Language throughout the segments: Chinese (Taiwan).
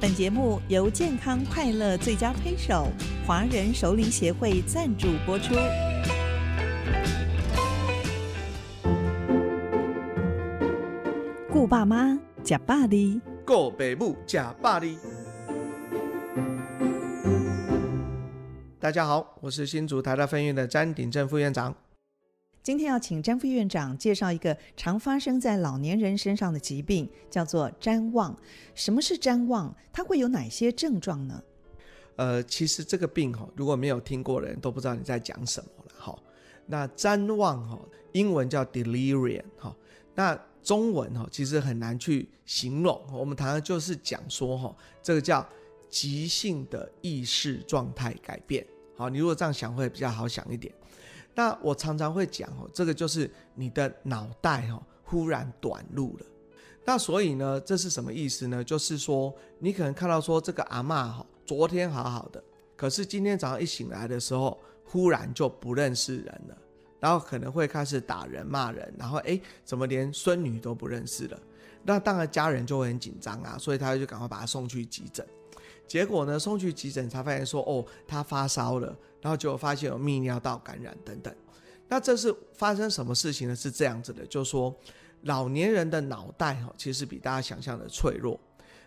本節目由健康快樂最佳推手華人首領協會贊助播出。顧爸媽，吃百的，顧北母，假百的。大家好，我是新竹台大分院的詹鼎正副院長。今天要請詹副院長介紹一個常發生在老年人身上的疾病，叫做譫妄。什麼是譫妄？它會有哪些症狀呢？呃，其實這個病哈，如果沒有聽過的人都不知道你在講什麼了哈。那譫妄哈，英文叫 delirium 哈，那中文哈其實很難去形容。我們常常就是講說哈，這個叫急性的意識狀態改變。好，你如果這樣想會比較好想一點。那我常常會講哦，這個就是你的腦袋哦，忽然短路了。那所以呢，這是什麼意思呢？就是說你可能看到說這個阿嬤哈，哦，昨天好好的，可是今天早上一醒來的時候，忽然就不認識人了，然後可能會開始打人罵人，然後哎怎麼連孫女都不認識了？那當然家人就會很緊張啊，所以他就趕快把他送去急診。結果呢，送去急診才發現說，哦，他發燒了，然後結果發現有泌尿道感染等等。那這是發生什麼事情呢？是這樣子的，就是說老年人的腦袋哈，其實比大家想象的脆弱。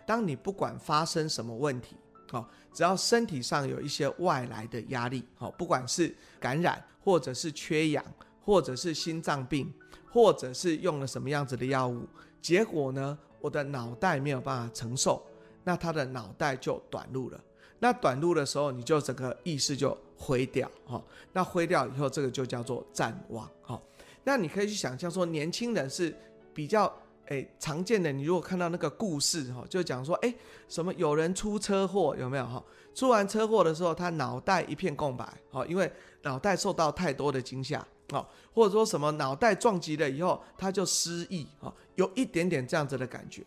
當你不管發生什麼問題，哦，只要身體上有一些外來的壓力，哦，不管是感染，或者是缺氧，或者是心臟病，或者是用了什麼樣子的藥物，結果呢，我的腦袋沒有辦法承受。那他的腦袋就短路了，那短路的時候，你就整個意識就灰掉哈、哦。那灰掉以後，這個就叫做譫妄哈。那你可以去想象說，年輕人是比較誒常見的。你如果看到那個故事哈、哦，就講說，哎，什麼有人出車禍有沒有哈、哦？出完車禍的時候，他腦袋一片空白哈、哦，因為腦袋受到太多的驚嚇、哦、或者說什麼腦袋撞擊了以後，他就失憶哈、哦，有一點點這樣子的感覺。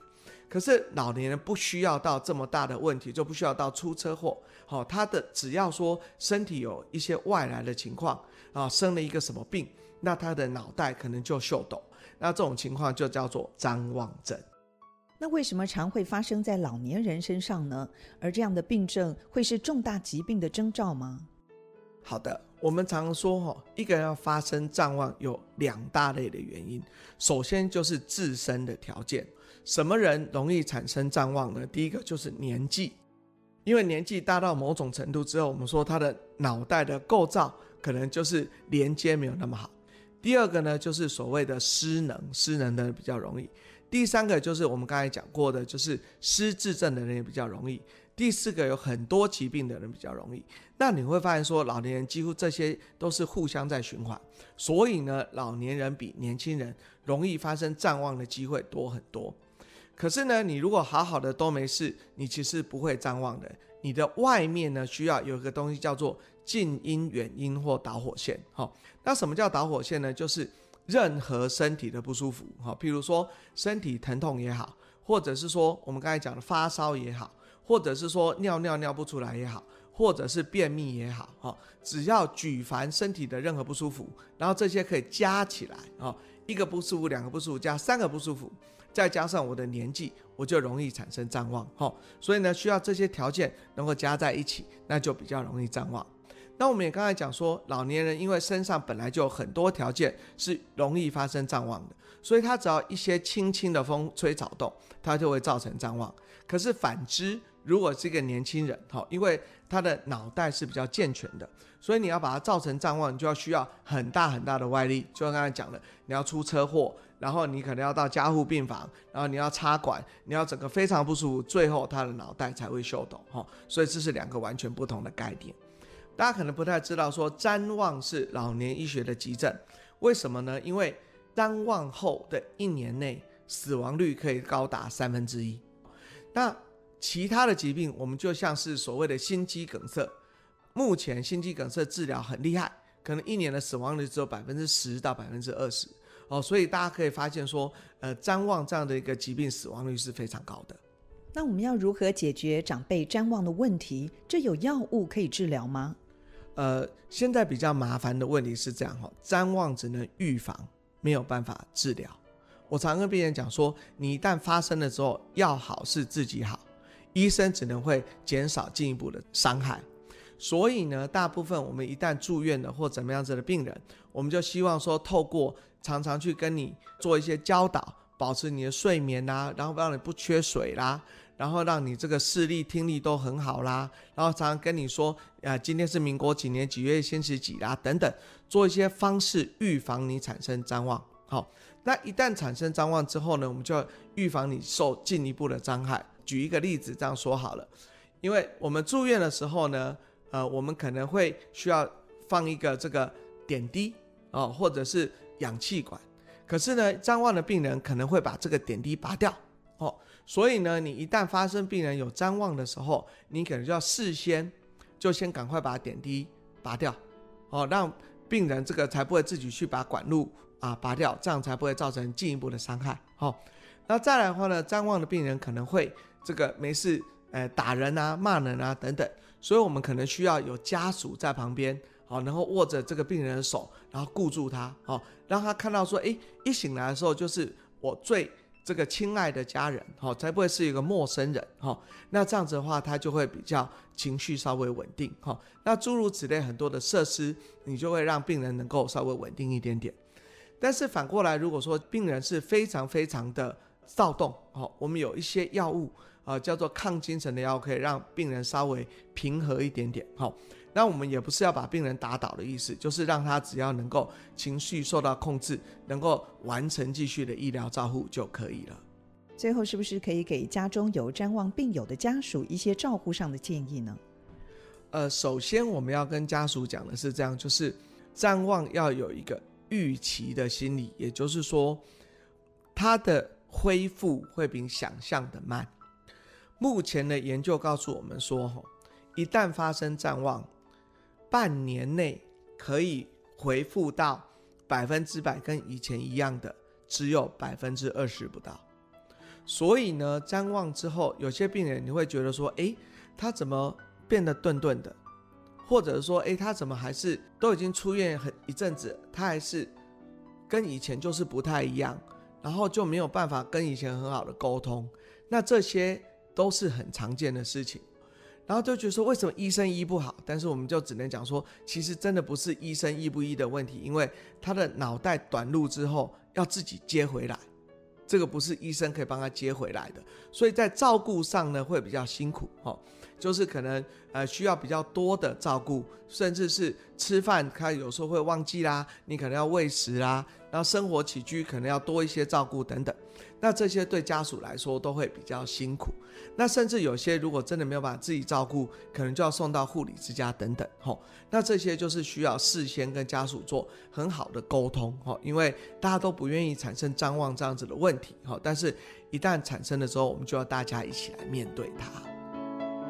可是老年人不需要到這麼大的問題，就不需要到出車禍。好、哦，他的只要說身體有一些外來的情況啊、哦，生了一個什麼病，那他的腦袋可能就秀逗。那這種情況就叫做譫妄症。那為什麼常會發生在老年人身上呢？而這樣的病症會是重大疾病的徵兆嗎？好的。我們常說哈，一個人要發生譫妄有兩大類的原因。首先就是自身的條件，什麼人容易產生譫妄呢？第一個就是年紀，因為年紀大到某種程度之後，我們說他的腦袋的構造可能就是連接沒有那麼好。第二個呢，就是所謂的失能，失能的人比較容易。第三個就是我們剛才講過的，就是失智症的人也比較容易。第四個，有很多疾病的人比較容易。那你會發現說老年人幾乎這些都是互相在循環。所以呢，老年人比年輕人容易發生譫妄的機會多很多。可是呢，你如果好好的都沒事，你其實不會譫妄的。你的外面呢，需要有一個東西叫做近因遠因或導火線。哈，那什麼叫導火線呢？就是任何身體的不舒服，哈，譬如說身體疼痛也好，或者是說我們剛才講的發燒也好。或者是說尿尿尿不出來也好，或者是便秘也好，哈，只要舉凡身體的任何不舒服，然後這些可以加起來，哈，一個不舒服，兩個不舒服，加三個不舒服，再加上我的年紀，我就容易產生譫妄，哈，所以呢，需要這些條件能夠加在一起，那就比較容易譫妄。那我們也剛才講說，老年人因為身上本來就有很多條件是容易發生譫妄的，所以他只要一些輕輕的風吹草動，他就會造成譫妄。可是反之。如果是一個年輕人，哈，因為他的腦袋是比較健全的，所以你要把它造成譫妄，你就要需要很大很大的外力。就像剛才講的，你要出車禍，然後你可能要到加護病房，然後你要插管，你要整個非常不舒服，最後他的腦袋才會秀逗，哈。所以這是兩個完全不同的概念。大家可能不太知道說，說譫妄是老年醫學的急症，為什麼呢？因為譫妄後的一年內死亡率可以高達三分之一。那其他的疾病，我們就像是所謂的心肌梗塞。目前心肌梗塞治療很厲害，可能一年的死亡率只有百分之十到百分之二十哦。所以大家可以發現說，呃，譫妄這樣的一個疾病，死亡率是非常高的。那我們要如何解決長輩譫妄的問題？這有藥物可以治療嗎？呃，現在比較麻煩的問題是這樣哈，譫妄只能預防，沒有辦法治療。我常跟病人講說，你一旦發生了之後，要好是自己好。醫生只能會減少進一步的傷害，所以呢，大部分我們一旦住院的或怎麼樣子的病人，我們就希望說，透過常常去跟你做一些教導，保持你的睡眠啦、啊，然後讓你不缺水啦、啊，然後讓你這個視力、聽力都很好啦、啊，然後常常跟你說，啊，今天是民國幾年幾月星期幾啦、啊，等等，做一些方式預防你產生譫妄。好、哦，那一旦產生譫妄之後呢，我們就要預防你受進一步的傷害。舉一個例子這樣說好了，因為我們住院的時候呢，呃，我們可能會需要放一個這個點滴哦，或者是氧氣管。可是呢，譫妄的病人可能會把這個點滴拔掉哦，所以呢，你一旦發生病人有譫妄的時候，你可能就要事先就先趕快把點滴拔掉哦，讓病人這個才不會自己去把管路。啊，拔掉，這樣才不會造成進一步的傷害，哦。那再來的話呢，譫妄的病人可能會這個沒事，哎、呃，打人啊、罵人啊等等，所以我們可能需要有家屬在旁邊，好、哦，然後握着這個病人的手，然後固住他，好、哦，讓他看到說，誒，一醒來的時候就是我最這個親愛的家人，好、哦，才不會是一個陌生人，好、哦，那這樣子的話，他就會比較情緒稍微穩定，好、哦，那諸如此類很多的設施，你就會讓病人能夠稍微穩定一點點。但是反過來，如果說病人是非常非常的躁動，哈，我們有一些藥物，呃，叫做抗精神的藥，可以讓病人稍微平和一點點，哈，那我們也不是要把病人打倒的意思，就是讓他只要能夠情緒受到控制，能夠完成繼續的醫療照護就可以了。最後，是不是可以給家中有譫妄病友的家屬一些照護上的建議呢？呃，首先我們要跟家屬講的是這樣，就是譫妄要有一個。預期的心理，也就是說，他的恢復會比想象的慢。目前的研究告訴我們說，一旦發生譫妄，半年內可以恢復到百分之百跟以前一樣的，只有百分之二十不到。所以呢，譫妄之後，有些病人你會覺得說，誒、欸，他怎麼變得鈍鈍的？或者說，誒、欸，他怎麼還是都已經出院很一陣子，他還是跟以前就是不太一樣，然後就沒有辦法跟以前很好的溝通，那這些都是很常見的事情。然後就覺得說，為什麼醫生醫不好？但是我們就只能講說，其實真的不是醫生醫不醫的問題，因為他的腦袋短路之後要自己接回來，這個不是醫生可以幫他接回來的，所以在照顧上呢，會比較辛苦。就是可能呃需要比較多的照顧，甚至是吃飯他有時候會忘記啦，你可能要餵食啦，然後生活起居可能要多一些照顧等等，那這些對家屬來說都會比較辛苦。那甚至有些如果真的沒有辦法自己照顧，可能就要送到護理之家等等吼。那這些就是需要事先跟家屬做很好的溝通吼，因為大家都不願意產生譫妄這樣子的問題吼，但是一旦產生了之後，我們就要大家一起來面對它。